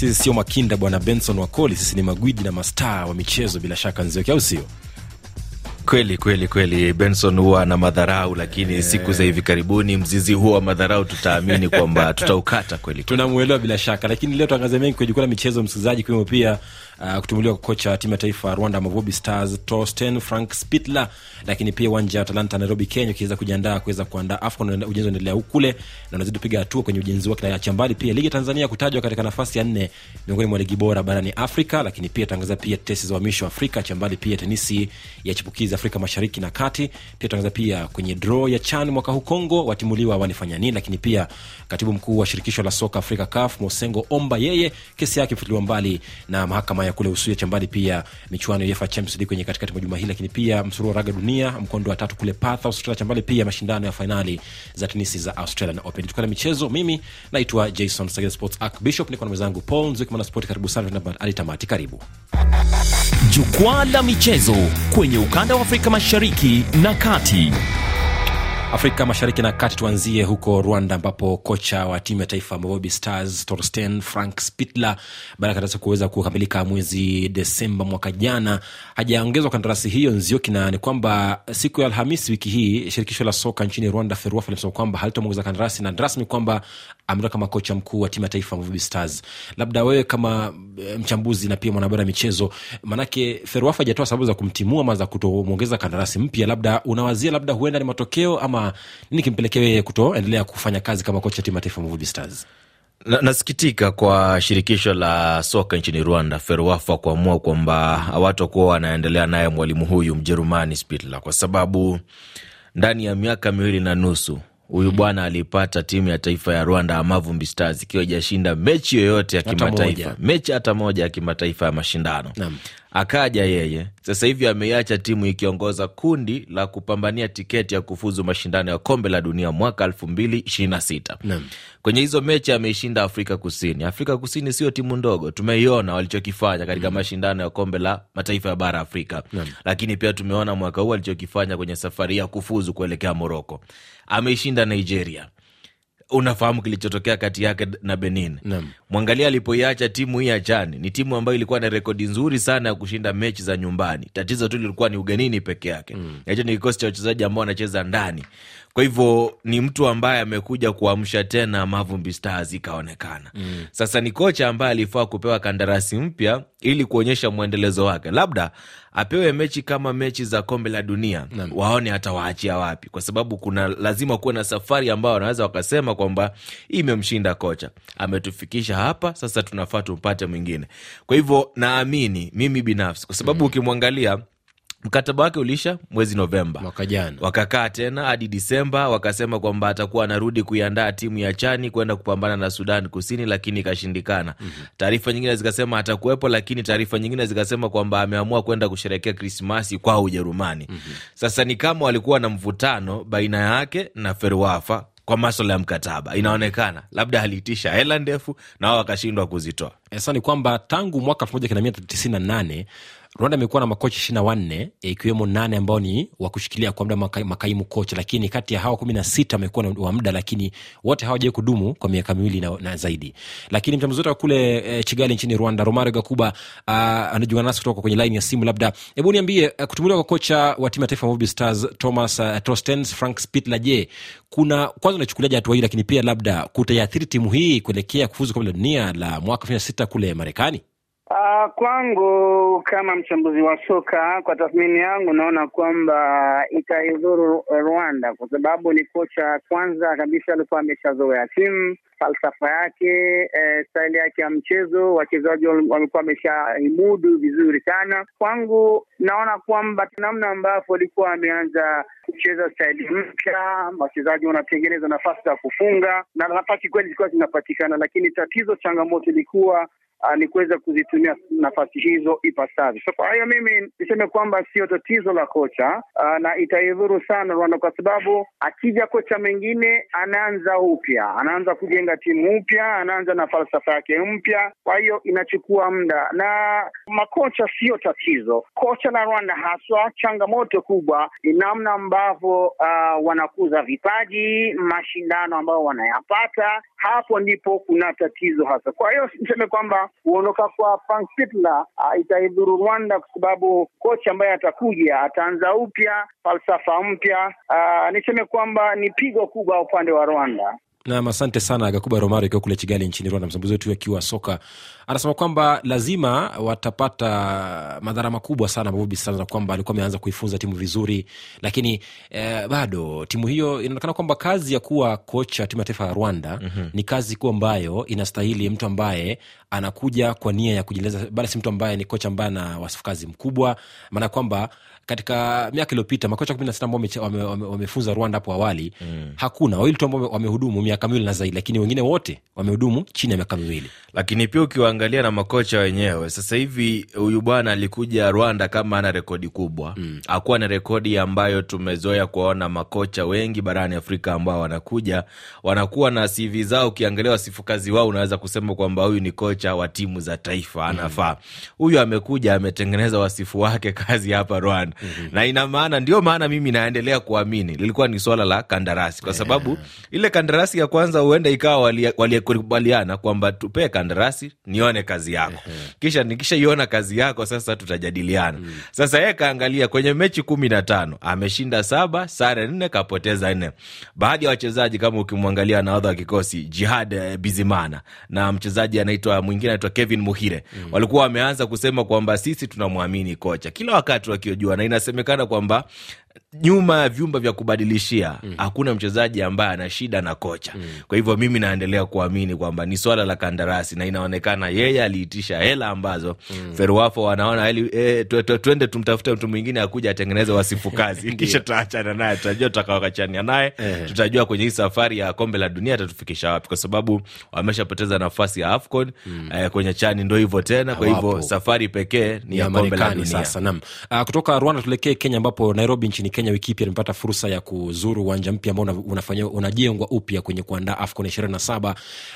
sisi sio makinda bwana benson wakoli sisi ni magwidi na mastaa wa michezo bila shaka nzioki au sio kweli kweli kweli benson huwa na madharau lakini yeah. siku za hivi karibuni mzizi huo wa madharau tutaamini kwamba tutaukata kweli tunamwelewa bila shaka lakini leo tuangaze mengi kwenye jukwa la michezo msikilizaji kiwemo pia uh, kutumuliwa kwa kocha timu ya taifa Rwanda Mavubi Stars Torsten Frank Spittler, lakini pia uwanja wa Talanta Nairobi, Kenya ukiweza kujiandaa kuweza kuandaa AFCON. Ujenzi unaendelea huku kule na unazidi kupiga hatua kwenye ujenzi wake, na mbali pia ligi Tanzania kutajwa katika nafasi ya nne miongoni mwa ligi bora barani Afrika, lakini pia tangaza pia tetesi za uhamisho Afrika, mbali pia tenisi ya chipukizi Afrika Mashariki na Kati, pia tangaza pia kwenye draw ya CHAN mwaka huu Kongo watimuliwa wanifanya nini, lakini pia katibu mkuu wa shirikisho la soka Afrika CAF Mosengo Omba, yeye kesi yake ifutiliwa mbali na mahakama ya ya kule Uswia Chambani, pia michuano ya UEFA Champions League kwenye katikati mwa juma hili, lakini pia msururu raga dunia mkondo wa tatu kule Perth, Australia Chambani, pia mashindano ya fainali za tenisi za Australian Open. Tukana michezo, mimi naitwa Jason Sagan Sports Arc Bishop, niko na mwenzangu Paul Nzikimana Sport. Karibu sana hadi tamati, karibu jukwaa la michezo kwenye ukanda wa Afrika Mashariki na Kati. Afrika Mashariki na Kati, tuanzie huko Rwanda ambapo kocha wa timu ya taifa Mavubi Stars Torsten Frank spitler baada ya kandarasi kuweza kukamilika mwezi Desemba mwaka jana hajaongezwa kandarasi hiyo. Nzioki na ni kwamba siku ya Alhamisi wiki hii shirikisho la soka nchini Rwanda FERWAFA limesema kwamba halitomwongeza kandarasi na rasmi kwamba ametoka kama kocha mkuu wa timu ya taifa Mavubi Stars. Labda wewe kama eh, mchambuzi na pia mwanabara wa michezo, manake FERWAFA ajatoa sababu za kumtimua ama za kutomwongeza kandarasi mpya, labda unawazia labda huenda ni matokeo ama ama nini kimpelekea yeye kutoendelea kufanya kazi kama kocha timu ya taifa Mvuvi Stars? Na, nasikitika kwa shirikisho la soka nchini Rwanda FERWAFA kuamua kwamba hawatakuwa wanaendelea naye mwalimu huyu Mjerumani Spitla, kwa sababu ndani ya miaka miwili na nusu huyu bwana alipata timu ya taifa ya Rwanda Amavumbi Stars ikiwa ijashinda mechi yoyote ya kimataifa, mechi hata moja ya kimataifa ya mashindano Akaja yeye sasa hivi ameiacha timu ikiongoza kundi la kupambania tiketi ya kufuzu mashindano ya kombe la dunia mwaka elfu mbili ishirini na sita. Kwenye hizo mechi ameishinda Afrika Kusini. Afrika Kusini sio timu ndogo, tumeiona walichokifanya katika mm. mashindano ya kombe la mataifa ya bara Afrika Nam. Lakini pia tumeona mwaka huu alichokifanya kwenye safari ya kufuzu kuelekea Moroko. Ameishinda Nigeria unafahamu kilichotokea kati yake na Benin. Mwangalia alipoiacha timu hii ya Chani, ni timu ambayo ilikuwa na rekodi nzuri sana ya kushinda mechi za nyumbani. Tatizo tu lilikuwa ni ugenini peke yake. Mm. Hicho yaani ni kikosi cha wachezaji ambao wanacheza ndani. Kwa hivyo ni mtu ambaye amekuja kuamsha tena Mavumbi Stars ikaonekana. Mm. Sasa ni kocha ambaye alifaa kupewa kandarasi mpya ili kuonyesha mwendelezo wake. Labda apewe mechi kama mechi za kombe la dunia Nami. waone atawaachia wapi, kwa sababu kuna lazima kuwe na safari ambayo wanaweza wakasema kwamba imemshinda kocha, ametufikisha hapa, sasa tunafaa tumpate mwingine. Kwa hivyo naamini mimi binafsi, kwa sababu mm. ukimwangalia mkataba wake uliisha mwezi Novemba mwaka jana, wakakaa tena hadi Disemba, wakasema kwamba atakuwa anarudi kuiandaa timu ya chani kwenda kupambana na Sudan Kusini, lakini ikashindikana. mm -hmm. Taarifa nyingine zikasema atakuwepo, lakini taarifa nyingine zikasema kwamba ameamua kwenda kusherekea Krismasi kwa Ujerumani. mm -hmm. Sasa ni kama walikuwa na mvutano baina yake na Ferwafa kwa maswala ya mkataba, inaonekana labda alitisha hela ndefu na wao wakashindwa kuzitoa. Sasa ni kwamba tangu mwaka 1998 Rwanda imekuwa na makocha ishirini na wanne eh, ikiwemo nane ambao ni wakushikilia kwa mda makaimu kocha, lakini kati ya hawa kumi na sita wamekuwa wa mda lakini wote hawajawai kudumu kwa miaka miwili na, na zaidi. Lakini mchambuzi wote wa kule e, eh, chigali nchini Rwanda, Romario Gakuba ah, anajiunga nasi kutoka kwenye laini ya simu. Labda hebu niambie, eh, kutumuliwa kwa kocha wa timu ya taifa Mobi Stars Thomas uh, Trostens Frank spitla je, kuna kwanza unachukuliaje hatua hii, lakini pia labda kutaiathiri timu hii kuelekea kufuzu kombe la dunia la mwaka elfu mbili na sita kule Marekani? Uh, kwangu kama mchambuzi wa soka, kwa tathmini yangu naona kwamba itaidhuru Rwanda kwa sababu ni kocha kwanza kabisa alikuwa ameshazoea timu, falsafa yake, e, eh, staili yake ya mchezo, wachezaji walikuwa wameshaimudu vizuri sana. Kwangu naona kwamba namna ambavyo alikuwa ameanza kucheza staili mpya, wachezaji wanatengeneza nafasi za kufunga na nafasi kweli zilikuwa zinapatikana, lakini tatizo, changamoto ilikuwa Ah, ni kuweza kuzitumia nafasi hizo ipasavyo. So kwa hiyo mimi niseme kwamba sio tatizo la kocha uh, na itaidhuru sana Rwanda kwa sababu akija kocha mwingine anaanza upya, anaanza kujenga timu upya, anaanza na falsafa yake mpya. Kwa hiyo inachukua muda, na makocha sio tatizo. Kocha la Rwanda haswa changamoto kubwa ni namna ambavyo uh, wanakuza vipaji, mashindano ambayo wanayapata, hapo ndipo kuna tatizo hasa. Kwa hiyo niseme kwamba kuondoka kwa Frank Pitla ah, itaidhuru Rwanda kwa sababu kocha ambaye atakuja ataanza upya falsafa mpya. Ah, niseme kwamba ni pigo kubwa upande wa Rwanda. Nam, asante sana Gakuba Romari akiwa kule chigali nchini Rwanda, msambuzi wetu akiwa soka anasema kwamba lazima watapata madhara makubwa sana Bobi Sanz, kwamba alikuwa ameanza kuifunza timu vizuri, lakini eh, bado timu hiyo inaonekana kwamba kazi ya kuwa kocha timu ya taifa ya Rwanda mm-hmm. ni kazi kuwa ambayo inastahili mtu ambaye anakuja kwa nia ya kujieleza, bali si mtu ambaye ni kocha ambaye ana wasifu kazi mkubwa, maana kwamba katika miaka iliyopita makocha kumi na sita ambao wamefunza wame, wame Rwanda hapo awali mm. hakuna wawili tu ambao wamehudumu miaka miwili na zaidi, lakini wengine wote wamehudumu chini ya miaka miwili. Lakini pia ukiwaangalia na makocha wenyewe, sasa hivi huyu bwana alikuja Rwanda kama ana rekodi kubwa mm. akuwa na rekodi ambayo tumezoea kuwaona makocha wengi barani Afrika ambao wanakuja wanakuwa na CV zao, ukiangalia wasifu kazi wao unaweza kusema kwamba huyu ni kocha wa timu za taifa anafaa. mm. Huyu amekuja ametengeneza wasifu wake kazi hapa Rwanda mm-hmm. na ina maana, ndio maana mimi naendelea kuamini lilikuwa ni swala la kandarasi, kwa sababu yeah. ile kandarasi ya kwanza huenda ikawa wali, wali kwamba tupee kandarasi nione kazi yako mm-hmm. kisha nikishaiona kazi yako sasa tutajadiliana mm-hmm. Sasa yeye kaangalia kwenye mechi kumi na tano ameshinda saba, sare nne, kapoteza nne. Baadhi ya wachezaji kama ukimwangalia nahodha wa kikosi Jihad Bizimana na mchezaji anaitwa mwingine anaitwa Kevin Muhire mm-hmm. walikuwa wameanza kusema kwamba sisi tunamwamini kocha kila wakati wakiojua na inasemekana kwamba nyuma ya vyumba vya kubadilishia mm. hakuna mchezaji ambaye ana shida na kocha mm. kwa hivyo mimi naendelea kuamini kwamba ni swala la kandarasi na inaonekana yeye aliitisha hela ambazo mm. feruafo wanaona eh, e, tu, twende tumtafute mtu mwingine akuja atengeneze wasifu kazi kisha tutaachana naye tutajua tutakawakachania naye eh. tutajua kwenye hii safari ya kombe la dunia atatufikisha wapi kwa sababu wameshapoteza nafasi ya afcon mm. eh, kwenye chani ndo hivyo tena kwa hivyo safari pekee ni ya, kombe la dunia sasa, Uh, kutoka rwanda tuelekee kenya ambapo nairobi nchi nchini Kenya wiki pia nimepata fursa ya kuzuru uwanja mpya ambao unafanywa unajengwa upya kwenye kuandaa AFCON 27.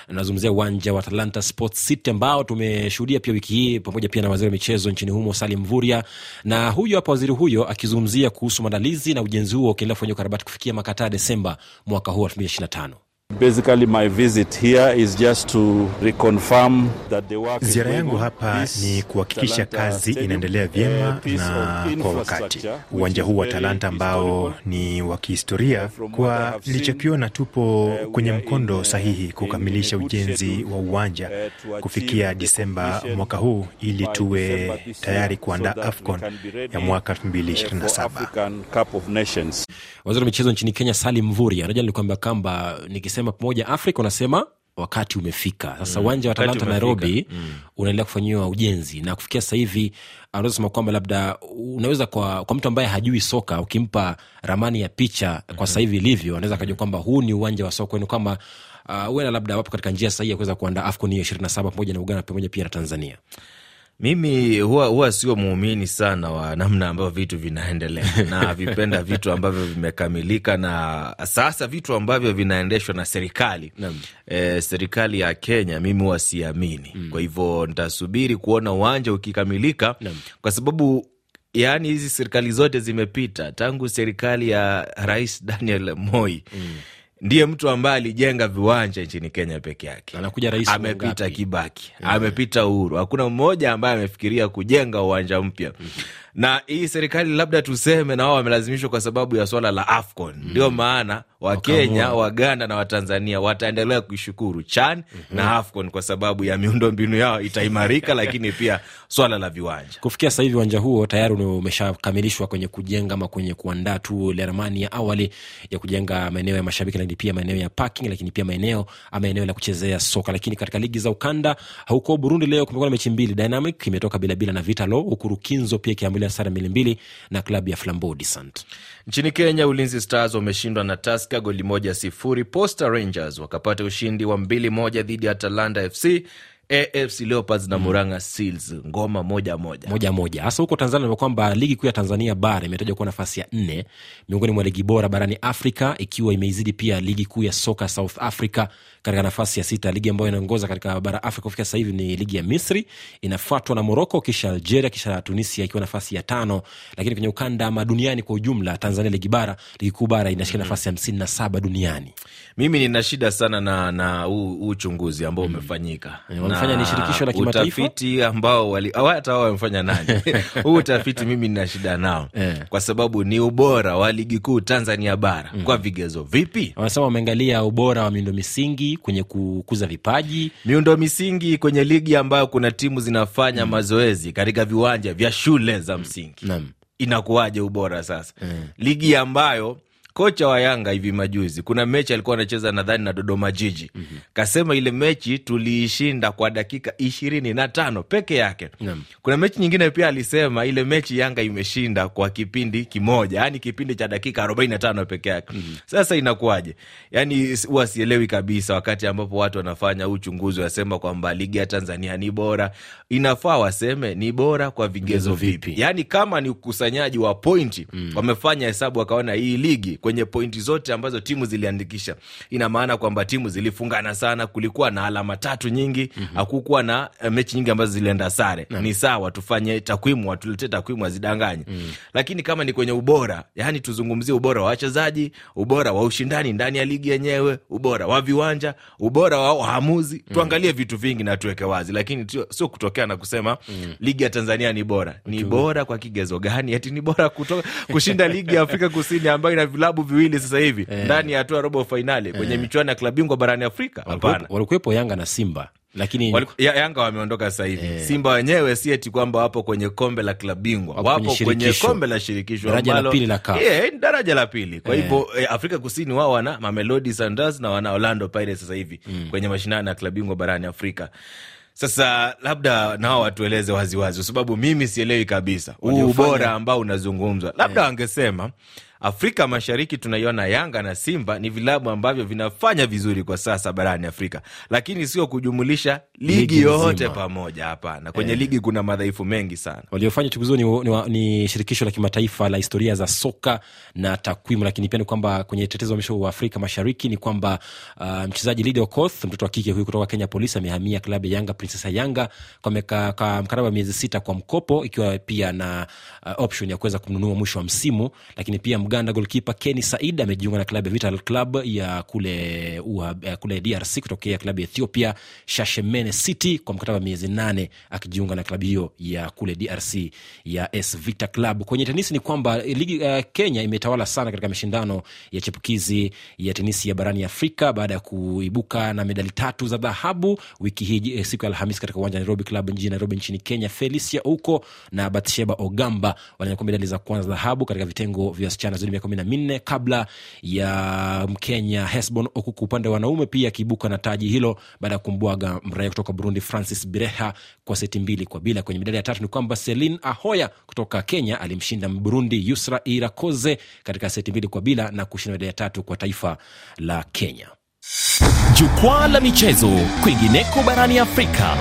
Nazungumzia uwanja wa Atlanta Sports City ambao tumeshuhudia pia wiki hii, pamoja pia na waziri wa michezo nchini humo Salim Mvurya, na huyo hapa waziri huyo akizungumzia kuhusu maandalizi na ujenzi huo ukiendelea kufanyia ukarabati kufikia makataa ya Desemba mwaka huu 2025. Ziara yangu hapa ni kuhakikisha kazi inaendelea vyema eh, na kwa wakati. Uwanja huu wa Talanta ambao ni wa kihistoria, kwa nilichokiona, tupo eh, kwenye mkondo eh, sahihi kukamilisha ujenzi wa uwanja kufikia Disemba mwaka huu ili tuwe tayari kuandaa AFCON ya mwaka 2027. Waziri wa michezo nchini Kenya Salim Mvurya anajali kwamba kamba ukisema pamoja Afrika unasema wakati umefika sasa. Mm. Uwanja mm. wa Talanta Nairobi mm. unaendelea kufanyiwa ujenzi na kufikia sasa hivi, anaweza sema kwamba labda unaweza kwa, kwa mtu ambaye hajui soka ukimpa ramani ya picha kwa sasa mm-hmm. hivi ilivyo, anaweza akajua mm-hmm. kwamba huu ni uwanja wa soka ni kwamba uh, uenda labda wapo katika njia sahii ya kuweza kuandaa AFCON hiyo ishirini na saba pamoja na Uganda pamoja pia na Tanzania. Mimi huwa, huwa sio muumini sana wa namna ambavyo vitu vinaendelea na vipenda vitu ambavyo vimekamilika, na sasa vitu ambavyo vinaendeshwa na serikali e, serikali ya Kenya mimi huwa siamini mm. Kwa hivyo ntasubiri kuona uwanja ukikamilika Nam. kwa sababu yaani hizi serikali zote zimepita tangu serikali ya Rais Daniel Moi mm ndiye mtu ambaye alijenga viwanja nchini Kenya peke yake. Anakuja rais amepita Kibaki, amepita Uhuru, hakuna mmoja ambaye amefikiria kujenga uwanja mpya mm -hmm na hii serikali labda tuseme na wao wamelazimishwa kwa sababu ya swala la AFCON. Mm. Ndio mm. maana Wakenya, Waganda na Watanzania wataendelea kuishukuru CHAN mm -hmm. na mm-hmm. AFCON kwa sababu ya miundo mbinu yao itaimarika, lakini pia swala la viwanja. Kufikia sasa hivi uwanja huo tayari umeshakamilishwa kwenye kujenga ama kwenye kuandaa tu ramani ya awali ya kujenga maeneo ya mashabiki, lakini pia maeneo ya parking, lakini pia maeneo ama eneo la kuchezea soka. Lakini katika ligi za ukanda huko Burundi leo kumekuwa na mechi mbili, Dynamic imetoka bila bila na Vitalo, huku Rukinzo pia ikiambulia bila sare mbili mbili na klabu ya Flambeau Descent. Nchini Kenya, Ulinzi Stars wameshindwa na Tusker goli moja sifuri. Posta Rangers wakapata ushindi wa mbili moja dhidi ya Atalanta FC AFC Leopards na mhm. Murang'a Seals ngoma moja moja moja moja. Hasa huko Tanzania ni kwamba ligi kuu ya Tanzania bara imetajwa kuwa nafasi ya nne miongoni mwa ligi bora barani Afrika, ikiwa imeizidi pia ligi kuu ya soka South Africa katika nafasi ya sita. Ligi ambayo inaongoza katika bara Afrika kufika sasa hivi ni ligi ya Misri, inafuatwa na Moroko, kisha Algeria, kisha Tunisia ikiwa nafasi ya tano. Lakini kwenye ukanda ma duniani kwa ujumla, Tanzania ligi bara, ligi kuu bara inashika mm -hmm. nafasi hamsini na saba duniani. Mimi nina shida sana na huu uchunguzi ambao mm. umefanyika mm wamefanya ni shirikisho la kimataifa, utafiti ambao wali hata wao wamefanya nani? Huu utafiti mimi nina shida nao yeah, kwa sababu ni ubora wa ligi kuu Tanzania bara mm, kwa vigezo vipi? Wanasema wameangalia ubora wa miundo misingi kwenye kukuza vipaji, miundo misingi kwenye ligi ambayo kuna timu zinafanya mm, mazoezi katika viwanja vya shule za mm. msingi mm, inakuwaje ubora sasa? Mm, ligi ambayo kocha wa Yanga hivi majuzi, kuna mechi alikuwa anacheza nadhani na Dodoma Jiji mm -hmm. kasema ile mechi tuliishinda kwa dakika ishirini na tano peke yake mm -hmm. Kuna mechi nyingine pia alisema ile mechi Yanga imeshinda kwa kipindi kimoja, yani kipindi cha dakika arobaini na tano peke yake mm -hmm. Sasa inakuwaje? Yani huwa sielewi kabisa, wakati ambapo watu wanafanya uchunguzi wasema kwamba ligi ya Tanzania ni bora, inafaa waseme ni bora kwa vigezo vipi? Yani kama ni ukusanyaji wa pointi mm wamefanya hesabu wakaona hii ligi kwenye pointi zote ambazo timu ziliandikisha. Ina maana kwamba timu zilifungana sana, kulikuwa na alama tatu nyingi, mhm. hakukuwa mm -hmm. na eh, mechi nyingi ambazo zilienda sare. mm -hmm. Ni sawa, tufanye takwimu, watuletee takwimu hazidanganye. mm -hmm. Lakini kama ni kwenye ubora, yani tuzungumzie ubora wa wachezaji, ubora wa ushindani ndani ya ligi yenyewe, ubora wa viwanja, ubora wa waamuzi, mm -hmm. Tuangalie vitu vingi na tuweke wazi, lakini sio kutokea na kusema mm -hmm. ligi ya Tanzania ni bora. Ni bora kwa kigezo gani? Ati ni bora kutoka kushinda ligi ya Afrika Kusini ambayo ina vilabu vilabu viwili sasa hivi eh, ndani ya hatua robo fainali eh, kwenye michuano ya klabu bingwa barani Afrika. Hapana, walikuwepo Yanga na Simba lakini Wal, ya, Yanga wameondoka sasa hivi eh. Simba wenyewe si eti kwamba wapo kwenye kombe la klabu bingwa, wapo kwenye kombe la shirikisho daraja la pili la CAF, yeah, daraja la pili. Kwa eh. hivyo eh. Afrika Kusini wao wana Mamelodi Sundowns na wana Orlando Pirates sasa hivi mm. kwenye mashindano ya klabu bingwa barani Afrika. Sasa labda nao watueleze waziwazi, kwa sababu mimi sielewi kabisa huu ubora ambao unazungumzwa, labda eh. wangesema Afrika Mashariki tunaiona Yanga na Simba ni vilabu ambavyo vinafanya vizuri kwa sasa barani Afrika, lakini sio kujumulisha ligi, ligi yoyote pamoja. Hapana, kwenye e, ligi kuna madhaifu mengi sana. Waliofanya uchaguzi huo ni, ni, ni shirikisho la kimataifa la historia za soka na takwimu, lakini pia ni kwamba kwenye tetezo wa mwisho wa Afrika Mashariki ni kwamba uh, mchezaji Lydie Okoth, mtoto wa kike huyu kutoka Kenya Police, amehamia klabu ya Yanga Princess Yanga kwa mkataba wa miezi sita kwa mkopo, ikiwa pia na uh, option ya kuweza kumnunua mwisho wa msimu, lakini pia mga Uganda, golkipa Kenny Said amejiunga na klabu ya Vital Club ya kule, uh, kule DRC kutokea klabu ya Ethiopia Shashemene City kwa mkataba miezi nane akijiunga na klabu hiyo ya kule DRC ya S Vita Club. Kwenye tenisi ni kwamba ligi uh, Kenya imetawala sana katika mashindano ya chipukizi ya tenisi ya barani Afrika baada ya kuibuka na medali tatu za dhahabu wiki hii eh, siku ya Alhamisi katika uwanja wa Nairobi Club mjini Nairobi nchini Kenya. Felicia Uko na Batsheba Ogamba walinyakua medali za kwanza dhahabu katika vitengo vya wasichana asilimia kumi na minne kabla ya Mkenya Hesbon Okuku upande wa wanaume pia akiibuka na taji hilo baada ya kumbwaga mraia kutoka Burundi Francis Bireha kwa seti mbili kwa bila. Kwenye medali ya tatu ni kwamba Selin Ahoya kutoka Kenya alimshinda Burundi Yusra Irakoze katika seti mbili kwa bila na kushinda medali ya tatu kwa taifa la Kenya. Jukwaa la michezo kwingineko barani Afrika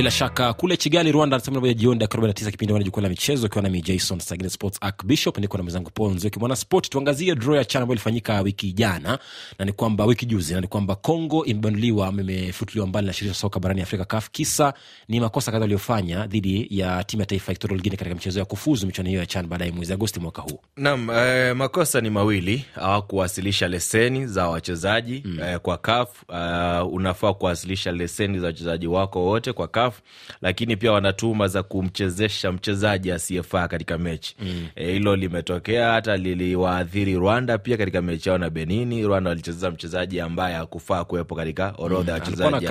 bila shaka kule chigali Rwanda, saa jioni dakika 49, kipindi wana jukwa la michezo, ikiwa nami Jason sagine Sports Archbishop, niko na mwenzangu Paul Nzioki mwana sport. Tuangazie draw ya CHAN ambayo ilifanyika wiki jana na ni kwamba wiki juzi, na ni kwamba Congo imebanduliwa ama imefutuliwa mbali na shirikisho soka barani Afrika kaf Kisa ni makosa kadha waliofanya dhidi ya timu ya taifa Equatorial katika michezo ya kufuzu michuano hiyo ya CHAN baadaye mwezi Agosti mwaka huu. nam eh, makosa ni mawili, hawakuwasilisha leseni za wachezaji mm. eh, kwa kaf Uh, ah, unafaa kuwasilisha leseni za wachezaji wako wote kwa CAF CAF, lakini pia wanatuma za kumchezesha mchezaji asiyefaa katika mechi hilo. Mm. E, limetokea hata liliwaathiri Rwanda pia katika mechi yao na Benini. Rwanda walicheza mchezaji ambaye hakufaa kuwepo katika orodha ya mm, wachezaji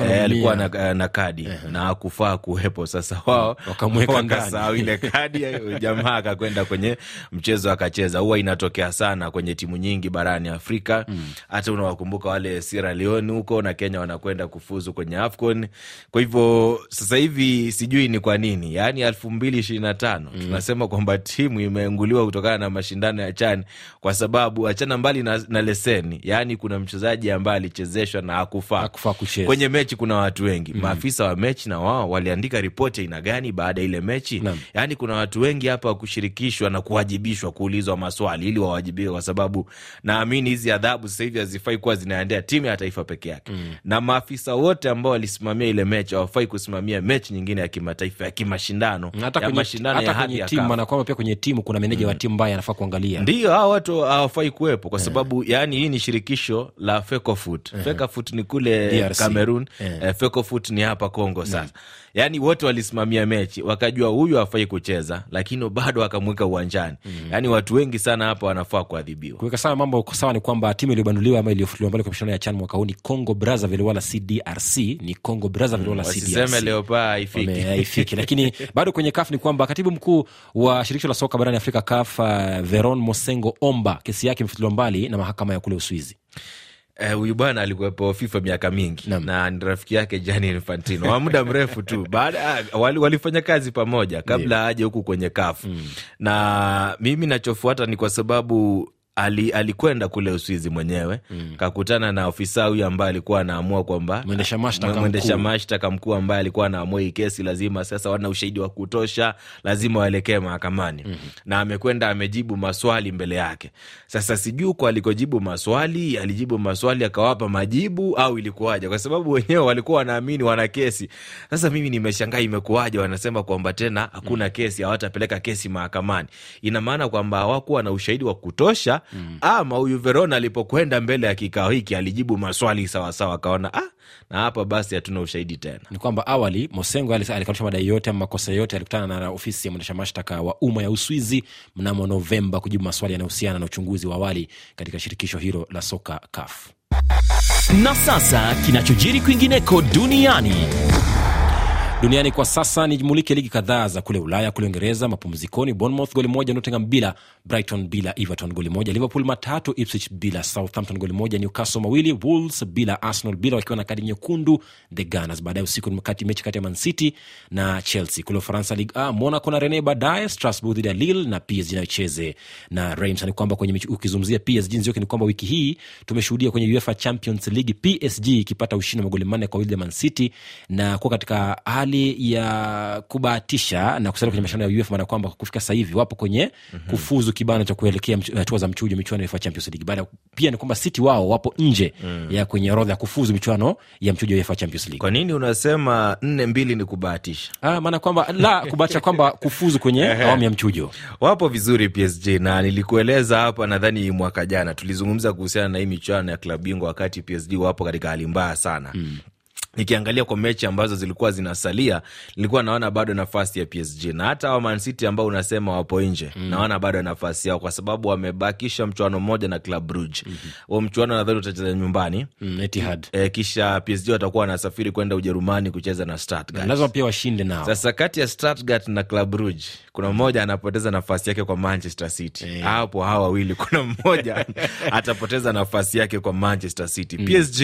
e, alikuwa na, na kadi uh-huh. na hakufaa kuwepo. Sasa wao mm, wakasahau ile kadi, eh, jamaa akakwenda kwenye mchezo akacheza. Huwa inatokea sana kwenye timu nyingi barani Afrika. Mm. Hata mm. unawakumbuka wale Sierra Leone huko na Kenya wanakwenda kufuzu kwenye AFCON kwa hivyo sasa hivi sijui ni kwa nini, yaani elfu mbili ishirini na tano mm. tunasema kwamba timu imeenguliwa kutokana na mashindano ya CHAN kwa sababu achana ah, mbali na, na leseni, yaani kuna mchezaji ambaye alichezeshwa na akufaa hakufa kucheza kwenye mechi. Kuna watu wengi mm. maafisa wa mechi na wao waliandika ripoti aina gani baada ya ile mechi na. Yaani kuna watu wengi hapa wakushirikishwa na kuwajibishwa, kuulizwa maswali ili wawajibiwe, kwa sababu naamini hizi adhabu sasa hivi hazifai kuwa zinaendea timu ya taifa peke yake mm. na maafisa wote ambao walisimamia kusimamia ile mechi hawafai kusimamia mechi nyingine ya kimataifa ya kimashindano ya mashindano ya hadhi ya timu, na kwamba pia kwenye timu kuna meneja mm. wa timu mbaye anafaa kuangalia. Ndio hawa watu hawafai kuwepo kwa eh. sababu yeah. yani hii ni shirikisho la Fecofoot mm -hmm. Eh. Fecofoot ni kule DRC. Cameroon yeah. eh, eh Fecofoot ni hapa Kongo mm. sasa mm. yani wote walisimamia mechi wakajua huyu hafai kucheza, lakini bado akamweka uwanjani mm. yani watu wengi sana hapa wanafaa kuadhibiwa. Kuweka sana mambo sawa ni kwamba timu iliyobanduliwa ama iliyofuliwa mbali kwa mashindano ya CHAN mwaka huu ni Congo Brazzaville wala si DRC, ni Congo kidogo Brazzaville mm, wala CDRC Leopards haifiki, haifiki. Lakini bado kwenye CAF ni kwamba katibu mkuu wa shirikisho la soka barani Afrika CAF, uh, Veron Mosengo Omba, kesi yake imefutiliwa mbali na mahakama ya kule Uswizi. Eh, huyu uh, bwana alikuwepo FIFA miaka mingi Nam. na ni rafiki yake Gianni Infantino wa muda mrefu tu baada wali, walifanya kazi pamoja kabla aje huku kwenye kafu mm. na mimi nachofuata ni kwa sababu ali, alikwenda kule Uswizi mwenyewe mm. Kakutana na ofisa huyu ambaye alikuwa anaamua kwamba mwendesha mashtaka mkuu ambaye alikuwa anaamua hii kesi, lazima sasa wana ushahidi wa kutosha, lazima waelekee mahakamani mm -hmm. Na amekwenda amejibu maswali mbele yake. Sasa sijui kwa alikojibu maswali, alijibu maswali akawapa majibu au ilikuwaje, kwa sababu wenyewe walikuwa wanaamini wana kesi. Sasa mimi nimeshangaa imekuwaje, wanasema kwamba tena hakuna mm. kesi, hawatapeleka kesi mahakamani. Ina maana kwamba hawakuwa na ushahidi wa kutosha mm. ama huyu Verona alipokwenda mbele ya kikao hiki alijibu maswali sawasawa, akaona ah, na hapa basi hatuna ushahidi tena. Ni kwamba awali Mosengo alikanusha madai yote ama makosa yote. Alikutana na ofisi ya mwendesha mashtaka wa umma ya Uswizi mnamo Novemba kujibu maswali yanayohusiana na uchunguzi wa awali katika shirikisho hilo la soka CAF. Na sasa kinachojiri kwingineko duniani duniani kwa sasa nijimulike ligi kadhaa za kule Ulaya. Kule Uingereza mapumzikoni, Bournemouth goli moja, Nottingham bila, Brighton bila, Everton goli moja, Liverpool matatu, Ipswich bila, Southampton goli moja, Newcastle mawili, Wolves bila, Arsenal bila wakiwa na kadi nyekundu the Gunners. Baadaye usiku ni kati mechi kati ya Man City na Chelsea. Kule Ufaransa Ligue a Monaco na rene baadaye, Strasbourg dhidi ya Lille na PSG inayocheze na Reims. Ni kwamba kwenye mechi ukizungumzia PSG jinsi ni kwamba wiki hii tumeshuhudia kwenye UEFA Champions League PSG ikipata ushindi wa magoli manne kwa wili ya Man City na kuwa katika hali hali ya kubahatisha na kusalia kwenye mashindano ya UEFA maana kwamba kufika sasa hivi wapo kwenye mm-hmm. kufuzu kibano cha kuelekea hatua za mchujo michuano ya Champions League. Baada pia ni kwamba City wao wapo nje mm. ya kwenye orodha ya kufuzu michuano ya mchujo ya Champions League. Kwa nini unasema nne mbili ni kubahatisha? Ah, maana kwamba la kubahatisha kwamba kufuzu kwenye awamu ya mchujo. Wapo vizuri PSG na nilikueleza hapa, nadhani mwaka jana tulizungumza kuhusiana na hii michuano ya klabu bingwa wakati PSG wapo katika hali mbaya sana mm nikiangalia kwa mechi ambazo zilikuwa zinasalia nilikuwa naona bado nafasi ya PSG na hata wa ManCity ambao unasema wapo nje mm. naona bado nafasi yao kwa sababu wamebakisha mchuano mmoja na Club Brugge mm-hmm. huo mchuano nadhani utacheza nyumbani mm, Etihad e, kisha PSG watakuwa wanasafiri kwenda Ujerumani kucheza na Stuttgart lazima pia washinde nao. Sasa kati ya Stuttgart na Club Brugge kuna mmoja anapoteza nafasi yake kwa Manchester City mm. hapo hawa wawili kuna mmoja atapoteza nafasi yake kwa Manchester City mm. PSG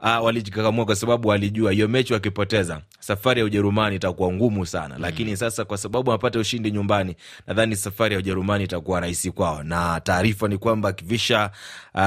uh, ah, walijikakamua kwa sababu wali walijua hiyo mechi wakipoteza safari ya Ujerumani itakuwa ngumu sana, mm. lakini sasa kwa sababu wanapata ushindi nyumbani, nadhani safari ya Ujerumani itakuwa rahisi kwao. Na taarifa ni kwamba Kivisha uh,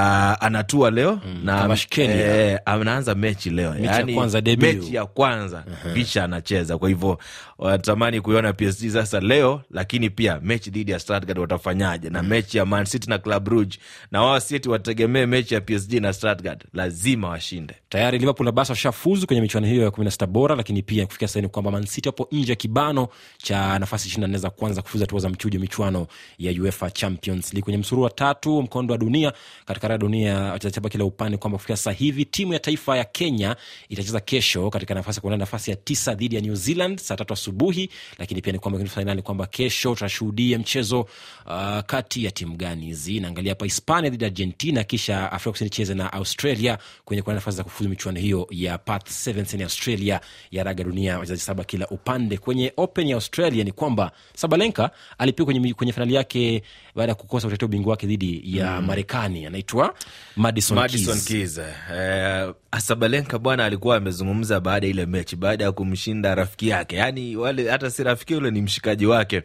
anatua leo mm, na e, anaanza mechi leo, mechi yani, ya yaani, kwanza, mechi ya kwanza uh-huh. Kivisha anacheza, kwa hivyo wanatamani kuiona PSG sasa leo, lakini pia mechi dhidi ya Stuttgart watafanyaje na mm. mechi ya Man City na Club Brugge, na wao sieti wategemee mechi ya PSG na Stuttgart, lazima washinde. Tayari Liverpool na Barca washafuzu kufuzu kwenye michuano hiyo ya kumi na sita bora, lakini pia kufikia sahini kwamba Man City wapo nje ya kibano cha nafasi ishirini na nne za kwanza kufuza hatua za mchujo michuano ya UEFA Champions League kwenye msururu wa tatu mkondo wa dunia. Katika raa dunia wachezaji hapa kila upande kwamba kufikia sasa hivi timu ya taifa ya Kenya itacheza kesho katika nafasi kuna nafasi ya tisa dhidi ya New Zealand saa tatu asubuhi, lakini pia ni kwamba fainali kwamba kesho tutashuhudia mchezo uh, kati ya timu gani hizi. Naangalia hapa Hispania dhidi ya Argentina, kisha Afrika Kusini cheze na Australia kwenye kuna nafasi za kufuzu michuano hiyo ya pat Sevens in Australia raga dunia wachezaji saba kila upande. Kwenye Open ya Australia ni kwamba Sabalenka alipigwa kwenye, kwenye fainali yake baada ya kukosa kutetea ubingwa wake dhidi ya mm. Marekani, anaitwa Madison, Madison Keys. Eh, Sabalenka bwana alikuwa amezungumza baada ya ile mechi, baada ya kumshinda rafiki yake, yani wale hata si rafiki ule ni mshikaji wake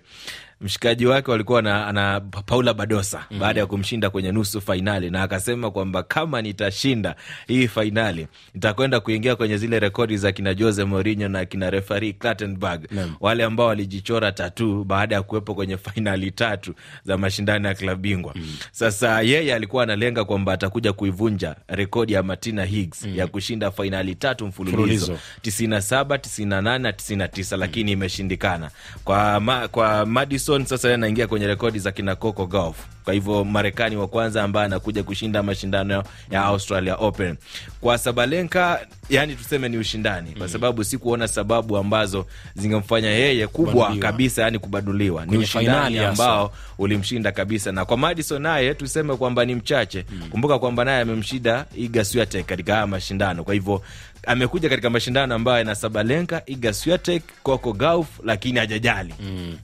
mshikaji wake walikuwa na, na Paula Badosa mm -hmm. baada ya kumshinda kwenye nusu fainali, na akasema kwamba kama nitashinda hii fainali nitakwenda kuingia kwenye zile rekodi za kina Jose Mourinho na kina refari Clattenburg mm -hmm. wale ambao walijichora tatu baada ya kuwepo kwenye fainali tatu za mashindano ya klabu bingwa mm -hmm. Sasa yeye alikuwa analenga kwamba atakuja kuivunja rekodi ya Martina Higgs mm -hmm. ya kushinda fainali tatu mfululizo 97, 98 na tisa lakini mm -hmm. imeshindikana kwa, ma, kwa Madison Johnson sasa anaingia kwenye rekodi za kina Coco Gauff, kwa hivyo Marekani wa kwanza ambaye anakuja kushinda mashindano ya Australia Open. Kwa Sabalenka, yani tuseme ni ushindani, kwa mm. sababu sikuona sababu ambazo zingemfanya yeye kubwa Bandiwa. kabisa, yani kubaduliwa. Ni ushindani ambao ulimshinda kabisa, na kwa Madison naye tuseme kwamba ni mchache. Mm. Kumbuka kwamba naye amemshinda Iga Swiatek katika haya mashindano, kwa hivyo amekuja katika mashindano ambayo yana Sabalenka, Iga Swiatek, Coco Gauff, lakini hajajali mm.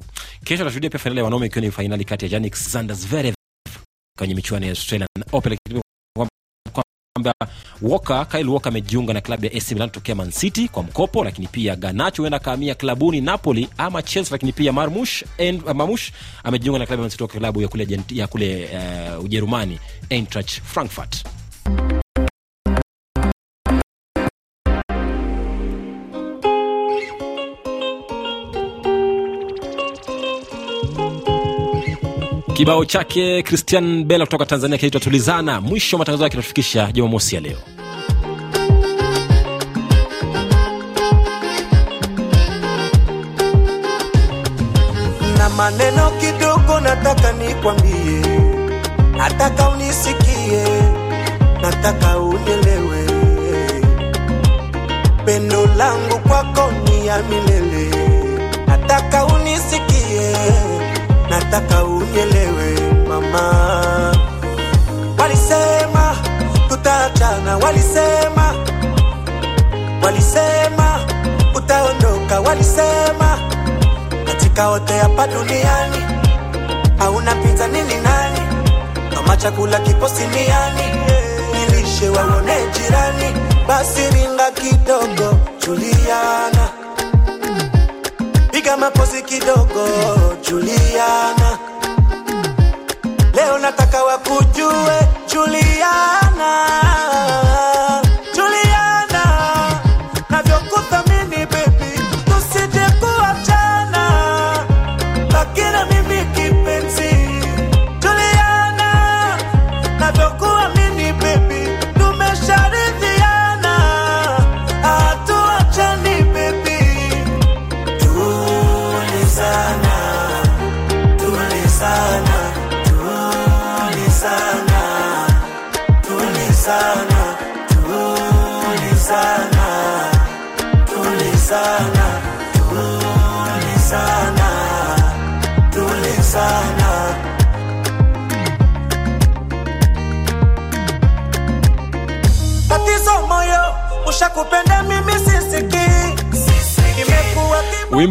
Kesho atashuhudia pia fainali ya wanaume ikiwa ni fainali kati ya Jannik Sander Zverev kwenye michuano ya Australian Open kwamba Walker, Kyle Walker amejiunga na klabu ya AC Milan tokea Man City kwa mkopo, lakini pia Garnacho huenda klabuni Napoli ama Chelsea, lakini pia Marmush and uh, Marmush amejiunga na klabu ya Man City kwa klabu ya kule ya kule uh, Ujerumani Eintracht Frankfurt. Kibao chake Christian Bella kutoka Tanzania kinaitwa Tulizana. Mwisho wa matangazo yake kinatufikisha Jumamosi ya leo. Na maneno kidogo nataka nikwambie, nataka unisikie, nataka unielewe. Pendo langu kwako ni ya milele, nataka unisikie nataka unielewe mama. Walisema tutaachana, walisema walisema utaondoka, walisema katika wote hapa duniani hauna pinza nini nani, kama chakula kipo siniani, nilishe waone jirani, basi ringa kidogo, Juliana, piga mapozi kidogo Juliana, leo nataka wakujue Juliana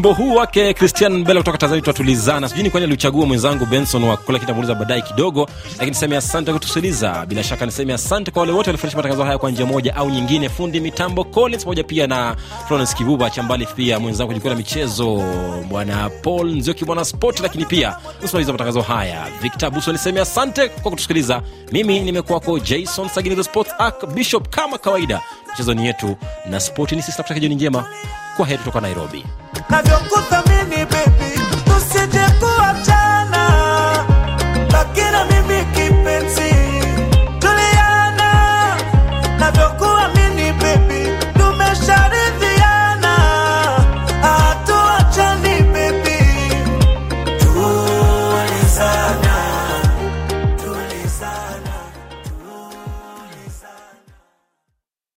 wimbo huu wake Christian Bella kutoka Tanzania tutulizana. Sijui ni kwani aliuchagua mwenzangu Benson wa kula kitamuuliza baadaye kidogo, lakini niseme asante kwa kutusikiliza. Bila shaka niseme asante kwa wale wote walifanisha matangazo haya kwa njia moja au nyingine, fundi mitambo Collins pamoja pia na Florence Kibuba Chambali, pia mwenzangu jukwaa la michezo bwana Paul Nzioki, bwana sport, lakini pia msimamizi wa matangazo haya Victor Buso. Niseme asante kwa kutusikiliza. Mimi nimekuwa nimekuwako Jason Sagini, the sports arc bishop, kama kawaida michezo ni yetu na spoti ni sisi. Tafuta jioni njema, kwa heri kutoka Nairobi. na vyo kuthamini baby